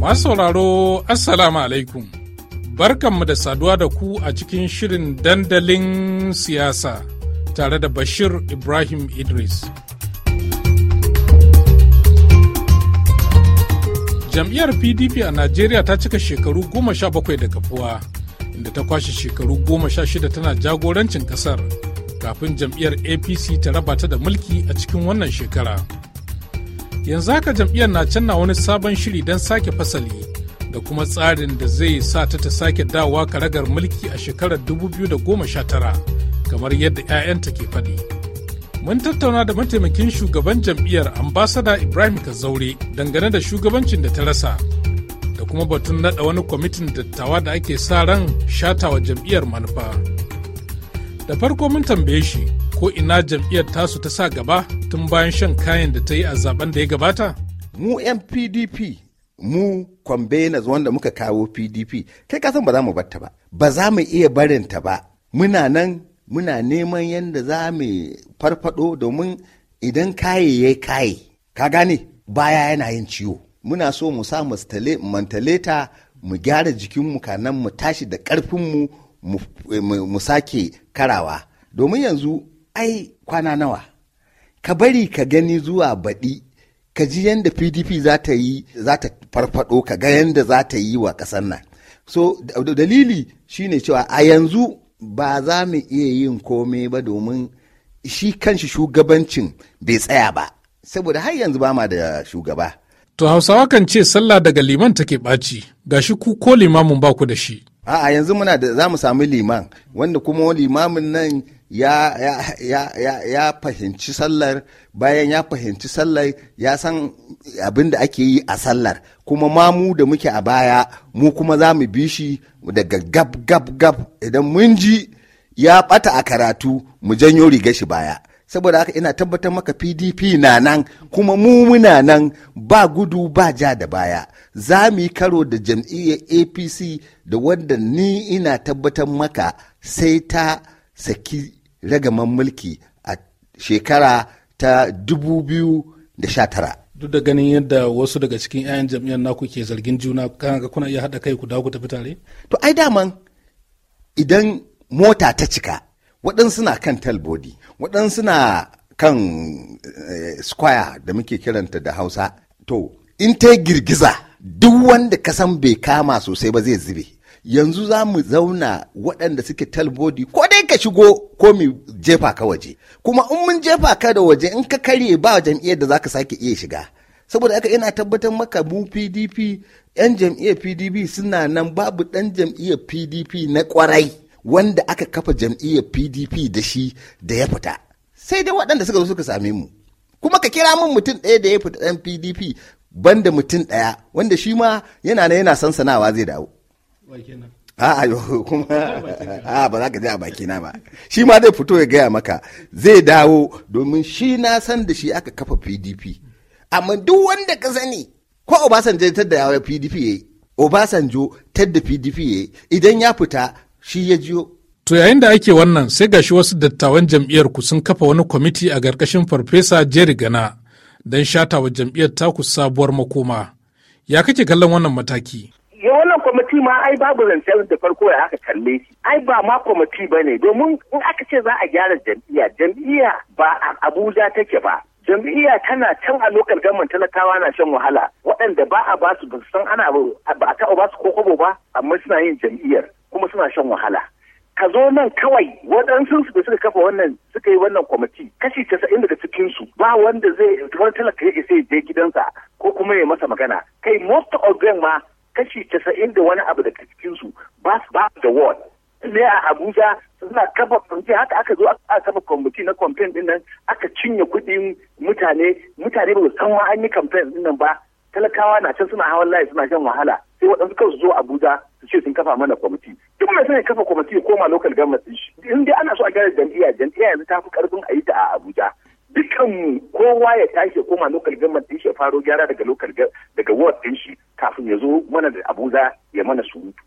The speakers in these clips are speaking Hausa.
Masu sauraro Assalamu alaikum. Barkanmu da saduwa da ku a cikin shirin dandalin siyasa tare da Bashir Ibrahim Idris. Jam'iyyar PDP a Najeriya ta cika shekaru goma sha bakwai da kafuwa, inda ta kwashe shekaru goma sha shida tana jagorancin kasar. kafin jam'iyyar apc ta raba ta da mulki a cikin wannan shekara yanzu haka jam'iyyar na canna wani sabon shiri don sake fasali da kuma tsarin da zai sa ta ta sake dawowa ragar mulki a shekarar 2019 kamar yadda 'ya'yanta ke faɗi. mun tattauna da mataimakin shugaban jam'iyyar ambasada ibrahim kazaure dangane da shugabancin da ta rasa da kuma batun nada wani kwamitin dattawa da ake sa ran shatawa jam'iyyar manufa. da farko mun tambaye shi ko ina jam'iyyar tasu ta sa gaba tun bayan shan kayan da ta yi a zaben da ya gabata mu yan pdp mu kwambenas wanda muka kawo pdp kai kasan ba za mu batta ba ba za mu iya barinta ba muna nan muna neman yadda za mu farfado domin idan kaye ya kaye ka gane baya yana yin ciwo muna so mu sa mantaleta mu gyara jikinmu kanan mu tashi da ƙarfinmu mu sake karawa domin yanzu ai kwana nawa ka bari ka gani zuwa baɗi ka ji yadda pdp za ta yi za ta farfado ka ga yadda za ta yi wa ƙasar nan so dalili shine cewa a yanzu ba za mu iya yin komai ba domin shi kanshi shugabancin bai tsaya ba saboda har yanzu ba ma da shugaba to hausawa kan ce sallah daga liman take ɓaci gashi ku ko limamin ba ku da shi a'a yanzu muna da za mu samu liman wanda kuma limamin nan ya, ya, fahimci sallar bayan ya fahimci sallar ya san abin da ake yi a sallar kuma ma mu da muke a baya mu kuma za mu bi shi daga gab gab gab idan mun ji ya bata a karatu mu janyo riga shi baya saboda haka ina tabbatar maka pdp na nan kuma mu muna nan ba gudu ba ja da baya za mu yi karo da jam'iyyar apc da wanda ni ina tabbatar maka sai ta saki ragaman mulki a shekara ta 2019 duk da ganin yadda wasu daga cikin 'ya'yan jam'iyyar naku ke zargin juna kana kuna iya haɗa kai ku dawo ku tafi tare to ai daman idan mota ta cika waɗansu na kan talbodi waɗansu na kan eh, square da muke kiranta da hausa to in ta girgiza duk wanda ka san bai kama sosai ba zai zube yanzu za mu zauna waɗanda suke talbodi ko dai ka shigo ko mu jefa ka waje kuma in mun jefa ka da waje in ka karye ba jam'iyyar da za ka sake iya shiga saboda haka ina tabbatar maka mu pdp 'yan jam'iyyar pdp suna nan babu ɗan jam'iyyar pdp na kwarai wanda aka kafa jam'iyyar pdp da shi da ya fita sai dai waɗanda suka zo suka same mu kuma ka kira min mutum ɗaya da ya fita ɗan pdp banda mutum ɗaya wanda shi ma yana na yana sanawa zai dawo a'a yo kuma a ba za ka je a bakina ba shi ma zai fito ya gaya maka zai dawo domin shi na san da shi aka kafa pdp amma duk wanda ka sani ko obasanjo tadda pdp yi obasanjo tadda pdp yi idan ya fita shi ya jiyo To yayin da ake wannan sai gashi wasu dattawan jam'iyyar ku sun kafa wani kwamiti a ƙarƙashin farfesa Jerry Gana don shata wa jam'iyyar taku sabuwar makoma. Ya kake kallon wannan mataki? Ya wannan kwamiti ma ai babu zancen da farko da aka kalle shi. Ai ba ma kwamiti ba ne domin in aka ce za a gyara jam'iyya, jam'iyya ba a Abuja take ba. Jam'iyya tana can a lokal gaman talakawa na shan wahala waɗanda ba a basu ba su san ana ba a taɓa basu su ko ba amma suna yin jam'iyyar. kuma suna shan wahala ka zo nan kawai waɗansu su da suka kafa wannan suka yi wannan kwamiti kashi casa'in daga cikinsu ba wanda zai wani talaka yake sai je gidansa ko kuma ya masa magana kai most of them ma kashi casa'in da wani abu daga cikinsu ba su ba da ward ne a Abuja suna kafa kwamiti haka aka zo aka kafa kwamiti na kwamfen din nan aka cinye kuɗin mutane mutane ba su san ma an yi kwamfen din nan ba talakawa na can suna hawan layi suna shan wahala sai waɗansu kan zo Abuja su ce sun kafa mana kwamiti duk mai sanya kafa kwamiti ya koma local government din shi in dai ana so a gyara jam'iyya jam'iyya yanzu ta fi karfin a yi ta a Abuja dukkan kowa ya tashi koma local government din shi ya faro gyara daga local daga ward din shi kafin ya zo mana da Abuja ya mana surutu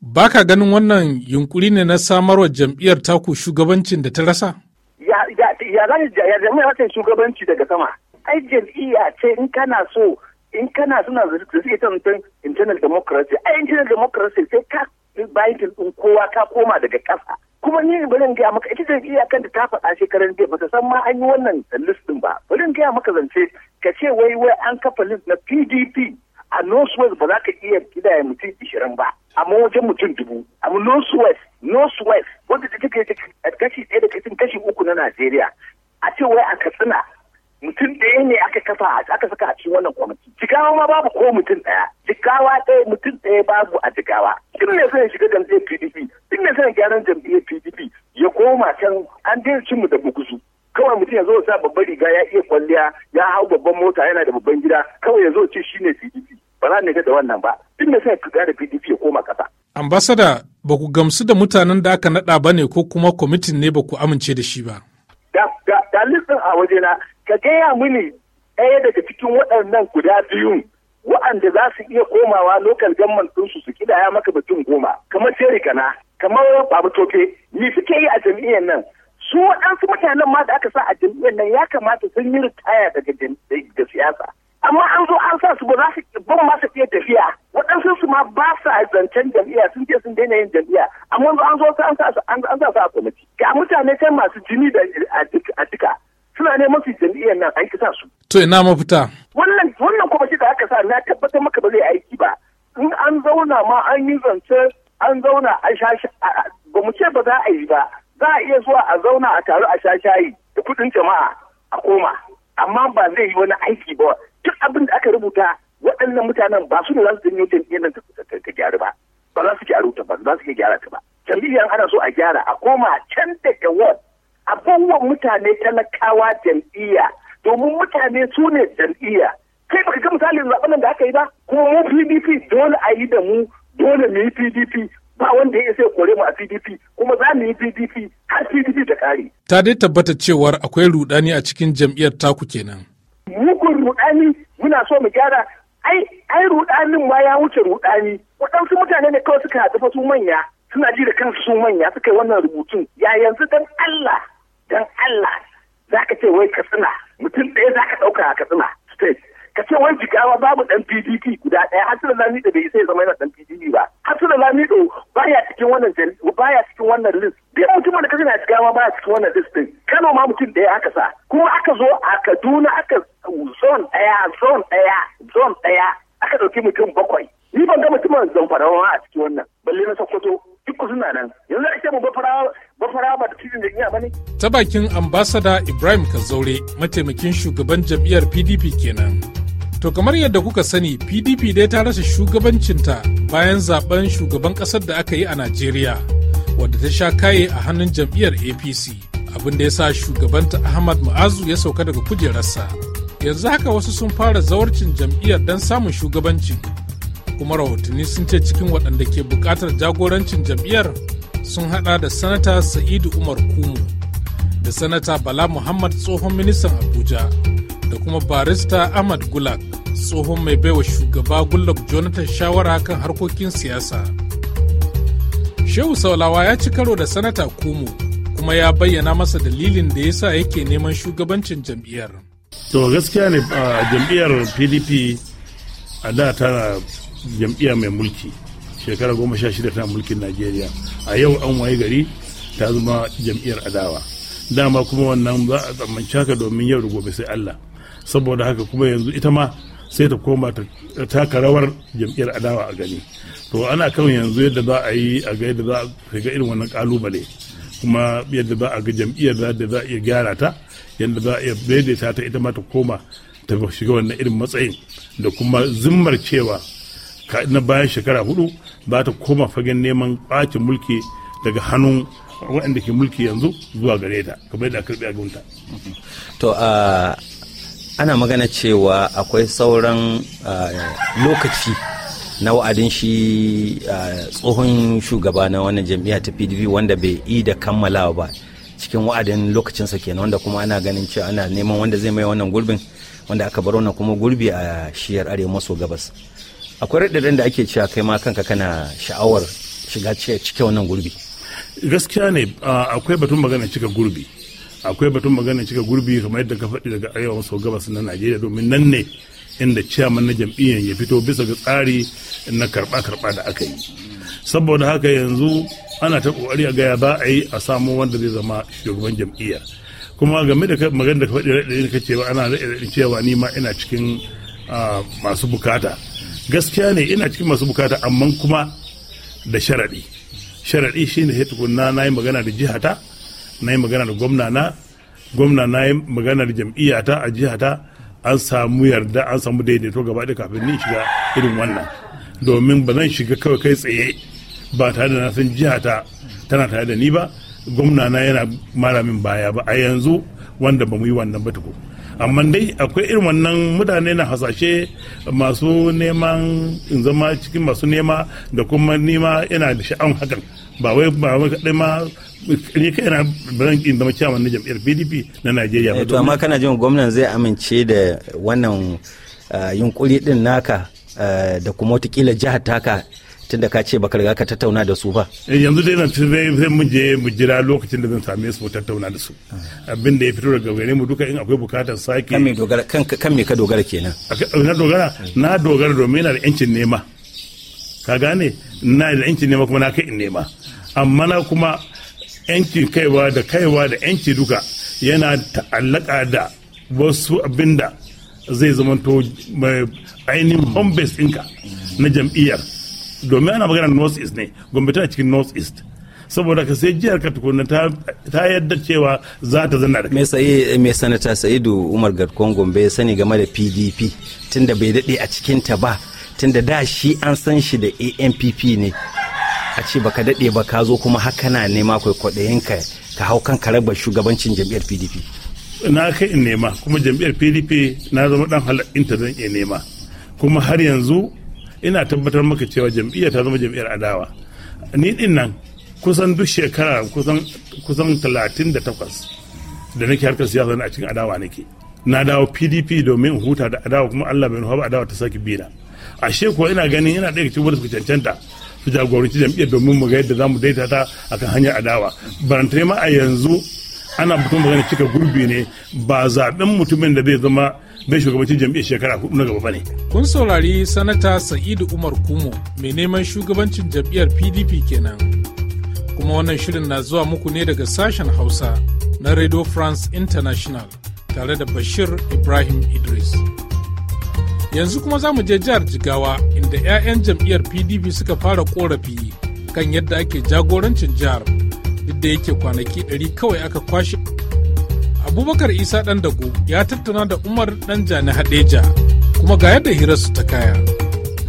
baka ganin wannan yunkuri ne na samarwa jam'iyyar taku shugabancin da ta rasa ya ya ya ya shugabanci daga sama ai jam'iyya ce in kana so in kana suna zai ta mutum internal democracy a internal democracy sai ka bayan ɗin kowa ka koma daga ƙasa kuma ni bari gaya maka ita zai kan da ta faɗa shekaran jiya ta san ma an yi wannan list ɗin ba bari gaya maka zance ka ce wai wai an kafa list na PDP a North West ba za ka iya kidaya mutum ishirin ba amma wajen mutum dubu amma North West North West wanda ta take kashi ɗaya da kashi uku na Najeriya a ce wai a Katsina mutum ɗaya ne aka kafa aka saka a cikin wannan kwamiti jigawa ma babu ko mutum ɗaya jigawa ɗaya mutum ɗaya babu a jigawa tun ne son shiga jam'iyyar pdp tun ne son gyaran jam'iyyar pdp ya koma can an dai cin mu da buguzu kawai mutum ya zo sa babban riga ya iya kwalliya ya hau babban mota yana da babban gida kawai ya zo ce ne pdp ba za ne da wannan ba tun ne son shiga da pdp ya koma kasa. ambasada ba ku gamsu da mutanen da aka naɗa ba ne ko kuma kwamitin ne ba ku amince da shi ba. da da a wajena ka gaya mini ɗaya daga cikin waɗannan guda biyun wa'anda za su iya komawa lokal gamman ɗinsu su kidaya maka batun goma kamar Terry Kana kamar Babu tofe ni suke yi a jami'an nan su waɗansu mutanen ma da aka sa a jami'an nan ya kamata sun yi ritaya daga siyasa amma an zo an sa su ba za su ban ma su iya tafiya waɗansu su ma ba sa zancen jami'a sun je sun daina yin jami'a. amma an zo an sa su a kwamiti ga mutane sai masu jini da a duka suna ne mafi jam'iyyar nan aiki sa su. To ina mafita. Wannan wannan kuma shi da aka sa na tabbatar maka ba zai aiki ba. In an zauna ma an yi zance an zauna a shashi ba mu ce ba za a yi ba. Za a iya zuwa a zauna a taru a shashayi da kuɗin jama'a a koma. Amma ba zai yi wani aiki ba. Duk abin da aka rubuta waɗannan mutanen ba su ne za su janyo jam'iyyar nan ta gyaru ba. Ba za su gyaru ta ba, za su iya gyara ta ba. Jam'iyyar ana so a gyara a koma can daga wani. abubuwan mutane talakawa jam'iyya domin mutane su ne jam'iyya kai baka ga misalin zaɓen da aka yi ba kuma mu pdp dole a yi da mu dole mu yi pdp ba wanda ya sai kore mu a pdp kuma za mu yi pdp har pdp ta kare. ta dai tabbata cewar akwai rudani a cikin jam'iyyar taku kenan. mugun rudani muna so mu gyara ai ai rudanin ma ya wuce rudani waɗansu mutane ne kawai suka haɗu su manya suna ji da kansu su manya suka yi wannan rubutun ya yanzu dan Allah dan Allah za ka ce wai katsina mutum ɗaya za ka ɗauka a katsina state ka ce wai jigawa babu ɗan PDP guda ɗaya har da Lamido bai sai zama yana ɗan PDP ba har da Lamido baya cikin wannan baya cikin wannan list duk mutum da kaje na jigawa baya cikin wannan list ɗin Kano ma mutum ɗaya aka sa kuma aka zo a Kaduna aka zone ɗaya zone ɗaya zone ɗaya aka ɗauki mutum bakwai ni ban ga mutumin zamfarawa a cikin wannan balle na Sokoto ta bakin ambasada ibrahim kazaure mataimakin shugaban jam'iyyar pdp kenan to kamar yadda kuka sani pdp dai ta rasa shugabancinta bayan zaben shugaban kasar da aka yi a najeriya wadda ta sha kaye a hannun jam'iyyar apc abin da ya sa shugabanta ahmad Ma'azu ya sauka daga kujerarsa yanzu haka wasu sun fara zawarcin jam'iyyar don samun shugabancin kuma rahotanni sun ce cikin waɗanda ke buƙatar jagorancin jam'iyyar sun haɗa da sanata sa'idu umar kumu da sanata bala muhammad tsohon ministan abuja da kuma barista ahmad gulak tsohon mai baiwa shugaba gullak jonathan shawara kan harkokin siyasa shehu saulawa ya ci karo da sanata kumu kuma ya bayyana masa dalilin da yasa yake neman shugabancin jam'iyyar to gaskiya ne jam'iyyar pdp a da tana jam'iyya mai mulki shekara goma sha shida tana mulkin najeriya a yau an waye gari ta zama jam'iyyar adawa dama kuma wannan za a tsammanci haka domin yau da gobe sai allah saboda haka kuma yanzu ita ma sai ta koma ta taka rawar jam'iyyar adawa a gani to ana kan yanzu yadda za a yi a ga yadda za a ga irin wannan kalubale kuma yadda za a ga jam'iyyar da za a iya gyara ta yadda za a iya daidaita ta ita ma ta koma ta shiga wannan irin matsayin da kuma zimmar cewa na bayan shekara hudu za ta koma fagen neman ɓacin mulki daga hannun waɗanda ke mulki yanzu zuwa gare ta kamar yadda karɓi a gunta. to ana magana cewa akwai sauran lokaci na wa'adin shi tsohon shugaba na wannan jam'iyya ta pdp wanda bai yi da kammalawa ba cikin wa'adin lokacinsa kenan wanda kuma ana ganin cewa ana neman wanda zai mai wannan gurbin wanda aka bar wannan kuma gurbi a shiyar arewa maso gabas akwai raɗaɗin da ake cewa kai ma kanka kana sha'awar shiga cike wannan gurbi gaskiya ne akwai batun magana cika gurbi akwai batun magana cika gurbi kamar yadda ka faɗi daga arewa maso gabas na najeriya domin nan ne inda ciyaman na jam'iyyar ya fito bisa ga tsari na karba karba da aka yi saboda haka yanzu ana ta ƙoƙari a gaya ba a yi a samo wanda zai zama shugaban jam'iyyar kuma game da magana da ka faɗi raɗaɗin ka ce ana raɗaɗin cewa ni ma ina cikin masu bukata gaskiya ne ina cikin masu bukata amma kuma da sharaɗi sharaɗi shine sai tukunna na yi magana da jihata na yi magana da gwamna na gwamna na yi magana da jam'iyyata a jihata an samu yarda an samu daidaito gaba da kafin ni shiga irin wannan domin ba zan shiga kawai kai tsaye ba tare da na san jihata tana tare da ni ba gwamna na yana malamin baya ba a yanzu wanda ba mu yi wannan ba tukun amma dai akwai irin wannan mutane na hasashe masu neman in zama cikin masu nema da kuma nema yana da sha'awar hakan ba wai ba wai kaɗai ma ni kai na ban in zama ciyaman na jam'iyyar PDP na Najeriya eh, to amma kana jin gwamnan zai amince da wannan ah, yunkuri din naka ah, da kuma wata jihar taka tunda ka ce baka riga ka tattauna da su ba eh, yanzu dai na sai mun je mu jira lokacin da zan same su mu tattauna da su abin da ya fito daga gare mu duka in akwai bukatar sake kan me dogara kan me ka dogara kenan na dogara na dogara domin na da yancin nema ka gane na da yancin nema kuma na kai in nema amma na kuma yancin kaiwa da kaiwa da yanci duka yana ta'allaka da wasu abinda zai zamanto ainihin home base ɗinka na jam'iyyar domin ana magana north east ne gombe tana cikin north east saboda ka sai jihar ka tukuna ta yadda cewa za ta zanna da kai. mai sanata Sa'idu Umar Garkon Gombe ya sani game da PDP tunda bai daɗe a cikinta ba tunda da shi an san shi da ampp ne a ce baka daɗe ba ka zo kuma haka na nema kwaikwaɗayin ka ka hau kan karabar shugabancin jam'iyyar PDP. Na kai in nema kuma jam'iyyar PDP na zama ɗan ta zan iya nema kuma har yanzu ina tabbatar maka cewa jam'iyyar ta zama jam'iyyar adawa ni din nan kusan duk shekara kusan kusan 38 da nake harkar siyasa a cikin adawa nake na dawo PDP domin huta da adawa kuma Allah bai nufa ba adawa ta saki bina ashe kuwa ina ganin yana daya cikin wadda suka cancanta su jagoranci jam'iyyar domin mu ga yadda za mu daidaita ta akan hanyar adawa barantare ma a yanzu ana mutum magana cika gurbi ne ba zaben mutumin da zai zama bai shugabancin jam'iyyar shekara hudu na gaba bane. Kun saurari sanata Sa'idu Umar Kumo mai neman shugabancin jam'iyyar PDP kenan. Kuma wannan shirin na zuwa muku ne daga sashen Hausa na Radio France International tare da Bashir Ibrahim Idris. Yanzu kuma za mu je jihar Jigawa inda 'ya'yan jam'iyyar PDP suka fara korafi kan yadda ake jagorancin jihar. duk da yake kwanaki 100 kawai aka kwashe abubakar isa ɗan dago ya tattauna da umar ɗan jani hadeja kuma ga yadda hirarsu ta kaya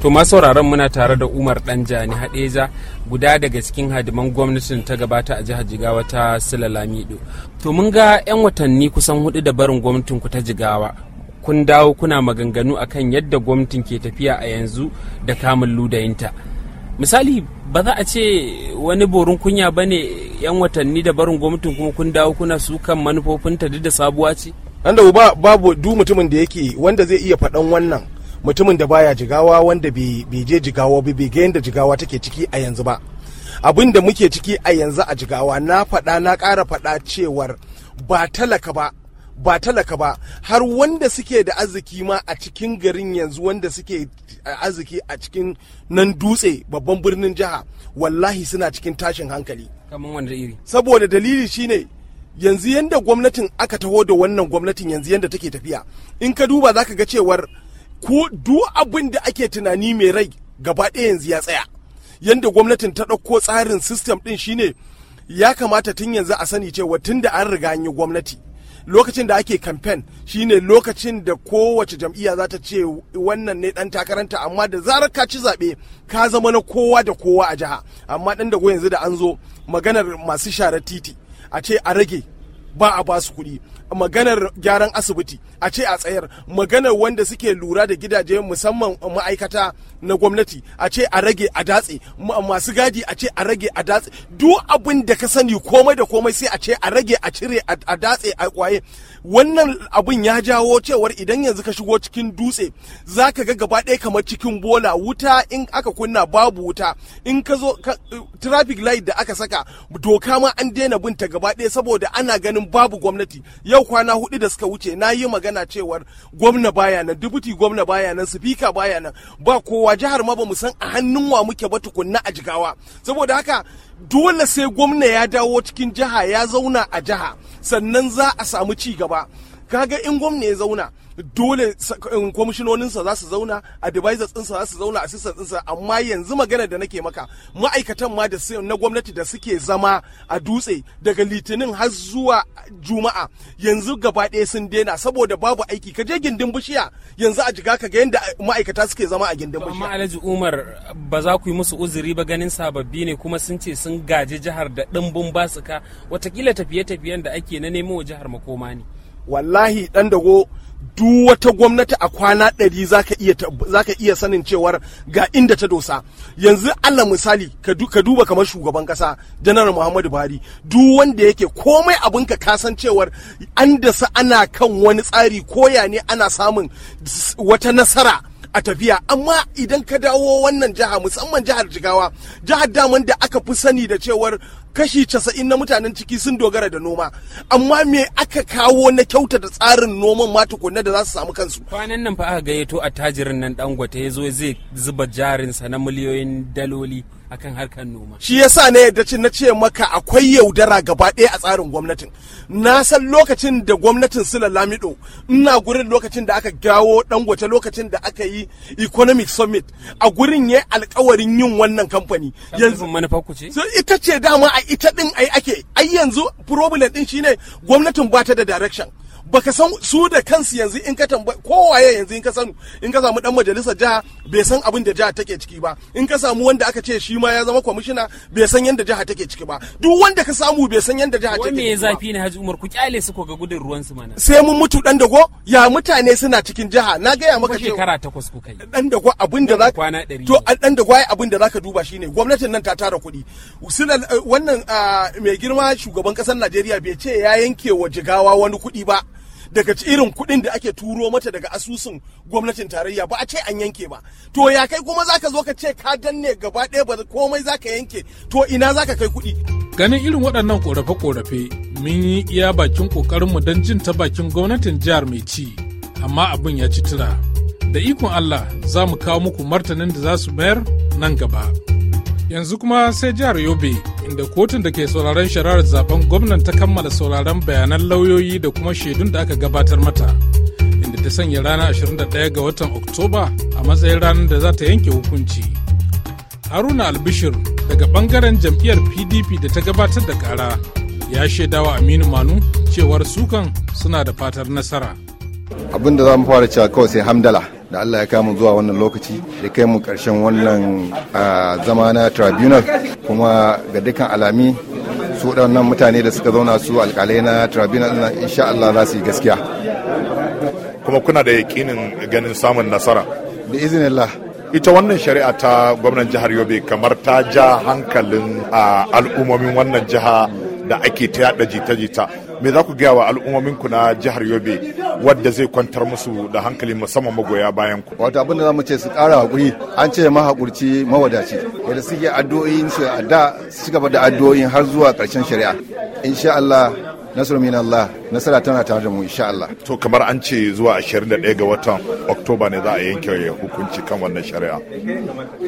to ma sauraron muna tare da umar ɗan jani hadeja guda daga cikin hadiman gwamnatin ta gabata a jihar jigawa ta Lamido. to mun ga 'yan watanni kusan hudu da barin gwamnatin ku ta jigawa kun dawo kuna maganganu akan yadda gwamnatin ke tafiya a yanzu da kamun ludayinta misali ba za a ce wani borin kunya ba ne 'yan watanni da barin gwamnatin kuma kun dawo kuna su kan manufofinta duk da sabuwa ce nan da ba babu du mutumin da yake wanda zai iya faɗan wannan mutumin da baya jigawa wanda bai je jigawa ba bai ga yadda jigawa take ciki a yanzu ba abin da muke ciki a yanzu a jigawa na faɗa na ƙara faɗa cewar ba talaka ba ba talaka ba har wanda suke da arziki ma a cikin garin yanzu wanda suke arziki a cikin nan dutse babban birnin jiha wallahi suna cikin tashin hankali saboda dalili shine yanzu yanda gwamnatin aka taho da wannan gwamnatin yanzu yanda take tafiya in ka duba zaka ga cewar ko duk abin da ake tunani mai rai gaba ɗaya yanzu ya tsaya Yadda gwamnatin ta ɗauko tsarin system ɗin shine ya kamata tun yanzu a sani cewa tun da an riga an yi gwamnati lokacin da ake kamfen shine lokacin da kowace jam'iyya za ta ce wannan ne dan takaranta amma da zarar ka ci zaɓe ka zama na kowa da kowa a jiha amma dan da yanzu da an zo maganar masu share titi a ce a rage ba a basu kuɗi maganar gyaran asibiti a ce a tsayar maganar wanda suke lura da gidaje musamman ma'aikata na gwamnati a ce a rage a datse masu gadi a ce a rage a datse duk abin da ka sani komai da komai sai a ce a rage a cire a datse a kwaye wannan abin ya jawo cewar idan yanzu ka shigo cikin dutse za ka ga gaba ɗaya kamar cikin bola wuta in aka kunna babu wuta in ka zo traffic light da aka saka doka ma an daina binta gaba ɗaya saboda ana ganin babu gwamnati yau kwana hudu da suka wuce na yi magana cewar gwamna baya nan dubuti gwamna baya nan sifika baya nan ba kowa jihar ma ba mu san a hannun wa muke ba tukunna a jigawa saboda haka dole sai gwamna ya dawo cikin jiha ya zauna a jiha sannan za a samu ci gaba kaga in gwamna ya zauna dole um, kwamishinoninsa za su zauna divisors ɗinsa za su zauna a ɗinsa amma yanzu magana da nake maka ma'aikatan ma da na gwamnati da suke zama a dutse daga litinin har zuwa juma'a yanzu gaba ɗaya sun daina saboda babu aiki ka je gindin bishiya yanzu a jiga ka ga yadda uh, ma'aikata suke zama a gindin bishiya amma alhaji umar ba za ku yi musu uzuri ba ganin sababbi ne kuma sun ce sun gaji jihar da ɗimbin basuka watakila tafiye-tafiyen da ake na nemo jihar makoma ne wallahi ɗan dago duk wata gwamnati a kwana ɗari za ka iya sanin cewar ga inda ta dosa yanzu allah misali ka duba kamar shugaban ƙasa janar muhammadu buhari duk wanda yake komai abinka kasan cewar an dasa ana kan wani tsari koya ne ana samun wata nasara a tafiya amma idan ka dawo wannan jiha musamman jihar jigawa jihar daman da aka fi sani da cewar kashi casa'in na mutanen ciki sun dogara da noma amma me aka kawo na kyautata tsarin noman ma tukunna da za su samu kansu kwanan nan fa aka gayyato a tajirin nan dangote ya zo zai zuba jarinsa na miliyoyin daloli akan harkar noma shi yasa na yadda ci na ce maka akwai yaudara gaba ɗaya a tsarin gwamnatin na san lokacin da gwamnatin su lamido ina gurin lokacin da aka gawo dangote lokacin da aka yi economic summit a gurin ya alkawarin yin wannan kamfani yanzu manufa ce ita ce dama a ita din ai ake ai yanzu problem din shine gwamnatin ba ta da direction baka san su da kansu yanzu in ka tambaye kowaye yanzu in ka san in ka samu dan majalisar jiha bai san abin da jiha take ciki ba in ka samu wanda aka ce shi ma ya zama kwamishina bai san yanda jiha take ciki ba duk wanda ka samu bai san yanda jiha take ciki ba me zafi ne Haji Umar ku kyale su ko ga gudun ruwan su mana sai mun mutu dan dago ya mutane suna cikin jiha na ga ya maka shekara takwas ku kai dan dago abin da ka to dan dago ai abin da ka duba shine gwamnatin nan ta tara kuɗi wannan ah, mai girma shugaban kasar Najeriya bai ce ya yanke wa jigawa wani kuɗi ba daga irin kuɗin da ake turo mata daga asusun gwamnatin tarayya ba a ce an yanke ba to ya kai kuma zaka zo ka ce ka danne gaba ɗaya ba komai zaka yanke to ina zaka kai kuɗi ganin irin waɗannan korafe-korafe mun yi iya bakin mu don jin ta bakin gwamnatin jihar mai ci amma abin ya ci tura da ikon Allah za mu kawo muku martanin da za su mayar nan gaba. yanzu kuma sai jihar yobe inda kotun da ke sauraron shari'ar zaben gwamnan ta kammala sauraron bayanan lauyoyi da kuma shaidun da aka gabatar mata inda ta sanya ranar 21 ga watan oktoba a matsayin ranar da za ta yanke hukunci haruna albishir daga bangaren jam'iyyar pdp da ta gabatar da kara ya shaidawa aminu manu cewar sukan suna da fatar nasara abin da za mu fara cewa kawai sai hamdala da Allah ya kamu zuwa wannan lokaci da kai mu karshen wannan zama na tribunal kuma ga dukkan alami su waɗannan mutane da suka zauna su alƙalai na tribunal na insha Allah za su yi gaskiya kuma kuna da yakinin ganin samun nasara da Allah. ita wannan shari'a ta gwamnan jihar yobe kamar ta ja hankalin al'umomin wannan jiha da ake ta yada jita-jita me za ku gaya wa al'ummominku na jihar yobe wadda zai kwantar musu da hankali musamman magoya bayan ku wato abin da ce su ƙara hakuri an ce ma hakurci mawadaci yadda suke addu'o'in su da su gaba da addu'o'in har zuwa ƙarshen shari'a insha Allah nasiru min Allah nasara tana tare da mu insha Allah to kamar an ce zuwa 21 ga watan Oktoba ne za a yanke hukunci kan wannan shari'a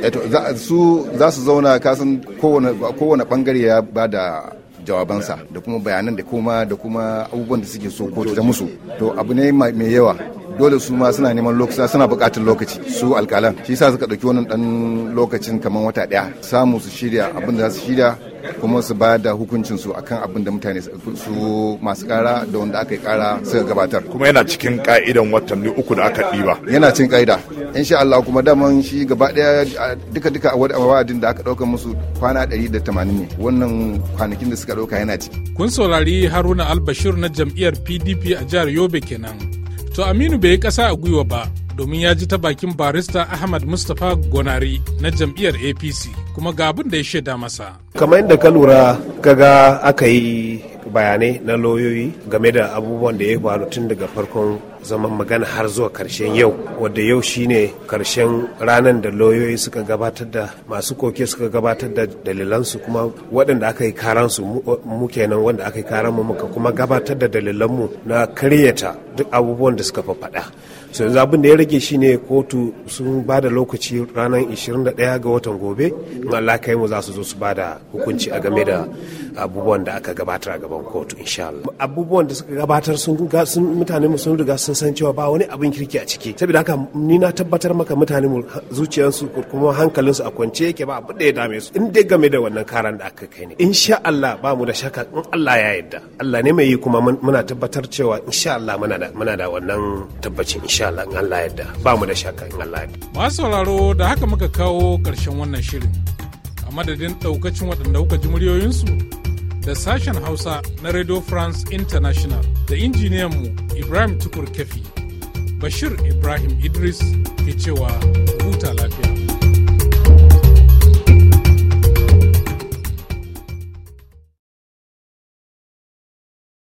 eh su za su zauna kasan kowane kowane bangare ya bada jawabansa da kuma bayanan da kuma da kuma abubuwan da suke so ko ta musu to abu ne mai yawa dole su ma suna neman lokaci suna buƙatar lokaci su alƙalan shi yasa suka ɗauki wannan ɗan lokacin kamar wata ɗaya samu su shirya abin da za su shirya kuma su ba da hukuncin su akan abin da mutane su masu kara da wanda aka yi kara suka gabatar kuma yana cikin ka'idan watanni uku da aka ɗiba yana cikin ka'ida insha Allah kuma daman shi gaba daya duka duka a wa'adin da aka dauka musu kwana 180 ne wannan kwanakin da suka dauka yana ciki kun saurari Haruna Albashir na jam'iyyar PDP a jihar Yobe kenan to Aminu bai yi kasa a gwiwa ba domin ya ji ta bakin barista Ahmad Mustapha Gonari na jam'iyyar APC kuma ga abin da ya shaida masa. Kamar yadda ka lura kaga aka yi bayanai na lauyoyi game da abubuwan da ya faru tun daga farkon zaman magana har zuwa karshen yau wadda yau shine karshen ranar da lauyoyi suka gabatar da masu koke suka gabatar da dalilansu kuma waɗanda aka yi karansu mu kenan wanda aka yi karan mu muka kuma gabatar da dalilanmu na karyata duk abubuwan da suka faɗa so yanzu abin da ya rage shi ne kotu sun ba da lokaci ranar 21 ga watan gobe in Allah kai mu za su zo su ba da hukunci a game da abubuwan da aka gabatar a gaban kotu insha Allah abubuwan da suka gabatar sun mutane mu sun riga sun san cewa ba wani abin kirki a ciki saboda haka ni na tabbatar maka mutane mu zuciyarsu kuma hankalinsu a kwance yake ba abu da ya dame su in dai game da wannan karan da aka kai ne insha Allah ba mu da shaka in Allah ya yarda Allah ne mai yi kuma muna tabbatar cewa insha Allah muna da wannan tabbacin insha in Allah yadda ba mu da shaka in Allah yadda masu sauraro da haka muka kawo ƙarshen wannan shirin a madadin ɗaukacin waɗanda kuka ji muryoyinsu da sashen Hausa na Radio France International da injiniyan mu Ibrahim Tukur Kefi Bashir Ibrahim Idris ke cewa huta lafiya